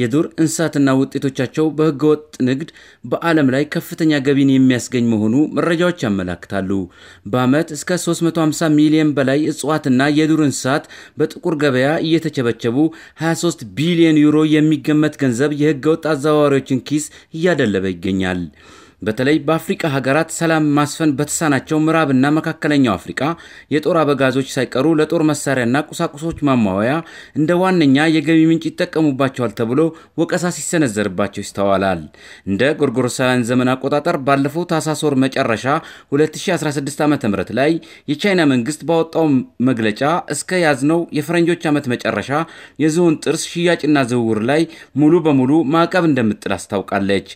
የዱር እንስሳትና ውጤቶቻቸው በህገወጥ ንግድ በዓለም ላይ ከፍተኛ ገቢን የሚያስገኝ መሆኑ መረጃዎች ያመላክታሉ። በዓመት እስከ 350 ሚሊዮን በላይ እጽዋትና የዱር እንስሳት በጥቁር ገበያ እየተቸበቸቡ 23 ቢሊዮን ዩሮ የሚገመት ገንዘብ የህገወጥ አዘዋዋሪዎችን ኪስ እያደለበ ይገኛል። በተለይ በአፍሪቃ ሀገራት ሰላም ማስፈን በተሳናቸው ምዕራብና መካከለኛው አፍሪቃ የጦር አበጋዞች ሳይቀሩ ለጦር መሳሪያና ቁሳቁሶች ማሟያ እንደ ዋነኛ የገቢ ምንጭ ይጠቀሙባቸዋል ተብሎ ወቀሳ ሲሰነዘርባቸው ይስተዋላል። እንደ ጎርጎሮሳውያን ዘመን አቆጣጠር ባለፈው ታህሳስ ወር መጨረሻ 2016 ዓ ም ላይ የቻይና መንግስት ባወጣው መግለጫ እስከ ያዝነው የፈረንጆች ዓመት መጨረሻ የዝሆን ጥርስ ሽያጭና ዝውውር ላይ ሙሉ በሙሉ ማዕቀብ እንደምጥል አስታውቃለች።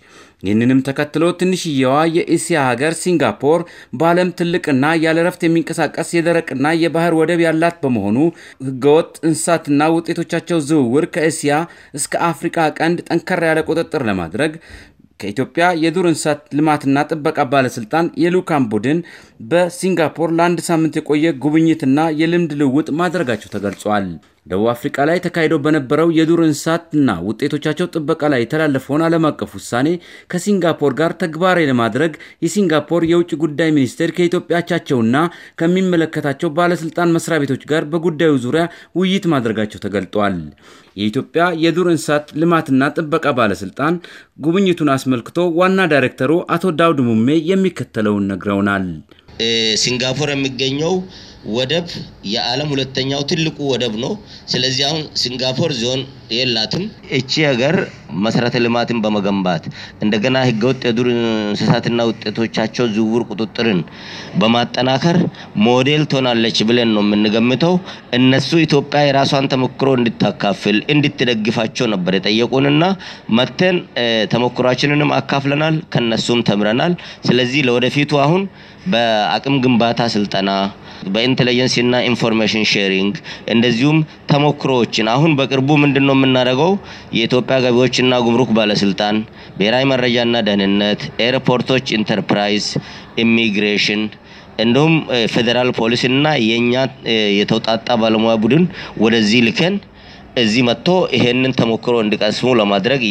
ይህንንም ተከትሎ ትንሽየዋ የእስያ ሀገር ሲንጋፖር በዓለም ትልቅና ያለ ረፍት የሚንቀሳቀስ የደረቅና የባህር ወደብ ያላት በመሆኑ ህገወጥ እንስሳትና ውጤቶቻቸው ዝውውር ከእስያ እስከ አፍሪካ ቀንድ ጠንከር ያለ ቁጥጥር ለማድረግ ከኢትዮጵያ የዱር እንስሳት ልማትና ጥበቃ ባለስልጣን የልዑካን ቡድን በሲንጋፖር ለአንድ ሳምንት የቆየ ጉብኝትና የልምድ ልውውጥ ማድረጋቸው ተገልጿል። ደቡብ አፍሪካ ላይ ተካሂዶ በነበረው የዱር እንስሳትና ውጤቶቻቸው ጥበቃ ላይ የተላለፈውን ዓለም አቀፍ ውሳኔ ከሲንጋፖር ጋር ተግባራዊ ለማድረግ የሲንጋፖር የውጭ ጉዳይ ሚኒስቴር ከኢትዮጵያ አቻቸውና ከሚመለከታቸው ባለስልጣን መስሪያ ቤቶች ጋር በጉዳዩ ዙሪያ ውይይት ማድረጋቸው ተገልጧል። የኢትዮጵያ የዱር እንስሳት ልማትና ጥበቃ ባለስልጣን ጉብኝቱን አስመልክቶ ዋና ዳይሬክተሩ አቶ ዳውድ ሙሜ የሚከተለውን ነግረውናል። ሲንጋፖር የሚገኘው ወደብ የዓለም ሁለተኛው ትልቁ ወደብ ነው። ስለዚህ አሁን ሲንጋፖር ዞን የላትም። እቺ ሀገር መሰረተ ልማትን በመገንባት እንደገና ህገወጥ የዱር እንስሳትና ውጤቶቻቸው ዝውውር ቁጥጥርን በማጠናከር ሞዴል ትሆናለች ብለን ነው የምንገምተው። እነሱ ኢትዮጵያ የራሷን ተሞክሮ እንድታካፍል እንድትደግፋቸው ነበር የጠየቁንና መተን ተሞክሯችንንም አካፍለናል፣ ከነሱም ተምረናል። ስለዚህ ለወደፊቱ አሁን በአቅም ግንባታ ስልጠና ኢንቴሊጀንስ እና ኢንፎርሜሽን ሼሪንግ እንደዚሁም ተሞክሮዎችን አሁን በቅርቡ ምንድን ነው የምናደርገው የኢትዮጵያ እና ጉምሩክ ባለስልጣን፣ ብሔራዊ መረጃና ደህንነት፣ ኤርፖርቶች ኢንተርፕራይዝ፣ ኢሚግሬሽን እንዲሁም ፌዴራል ፖሊስ እና የእኛ የተውጣጣ ባለሙያ ቡድን ወደዚህ ልከን እዚህ መጥቶ ይሄንን ተሞክሮ እንዲቀስሙ ለማድረግ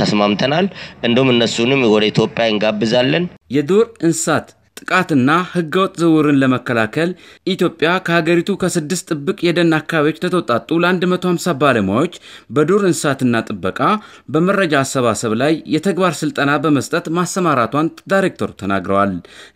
ተስማምተናል። እንዲሁም እነሱንም ወደ ኢትዮጵያ እንጋብዛለን። የዱር እንስሳት ጥቃትና ህገወጥ ዝውውርን ለመከላከል ኢትዮጵያ ከሀገሪቱ ከስድስት ጥብቅ የደን አካባቢዎች ተተውጣጡ ለ150 ባለሙያዎች በዱር እንስሳትና ጥበቃ በመረጃ አሰባሰብ ላይ የተግባር ስልጠና በመስጠት ማሰማራቷን ዳይሬክተሩ ተናግረዋል።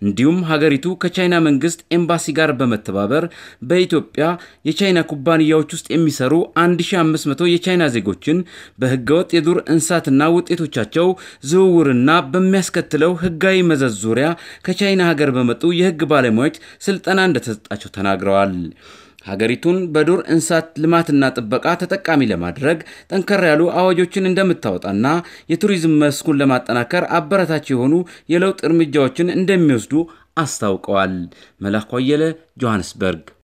እንዲሁም ሀገሪቱ ከቻይና መንግስት ኤምባሲ ጋር በመተባበር በኢትዮጵያ የቻይና ኩባንያዎች ውስጥ የሚሰሩ 1500 የቻይና ዜጎችን በህገወጥ የዱር እንስሳትና ውጤቶቻቸው ዝውውርና በሚያስከትለው ህጋዊ መዘዝ ዙሪያ ከቻይና ሀገር በመጡ የህግ ባለሙያዎች ስልጠና እንደተሰጣቸው ተናግረዋል። ሀገሪቱን በዱር እንስሳት ልማትና ጥበቃ ተጠቃሚ ለማድረግ ጠንከር ያሉ አዋጆችን እንደምታወጣና የቱሪዝም መስኩን ለማጠናከር አበረታች የሆኑ የለውጥ እርምጃዎችን እንደሚወስዱ አስታውቀዋል። መላኩ አየለ ጆሃንስበርግ።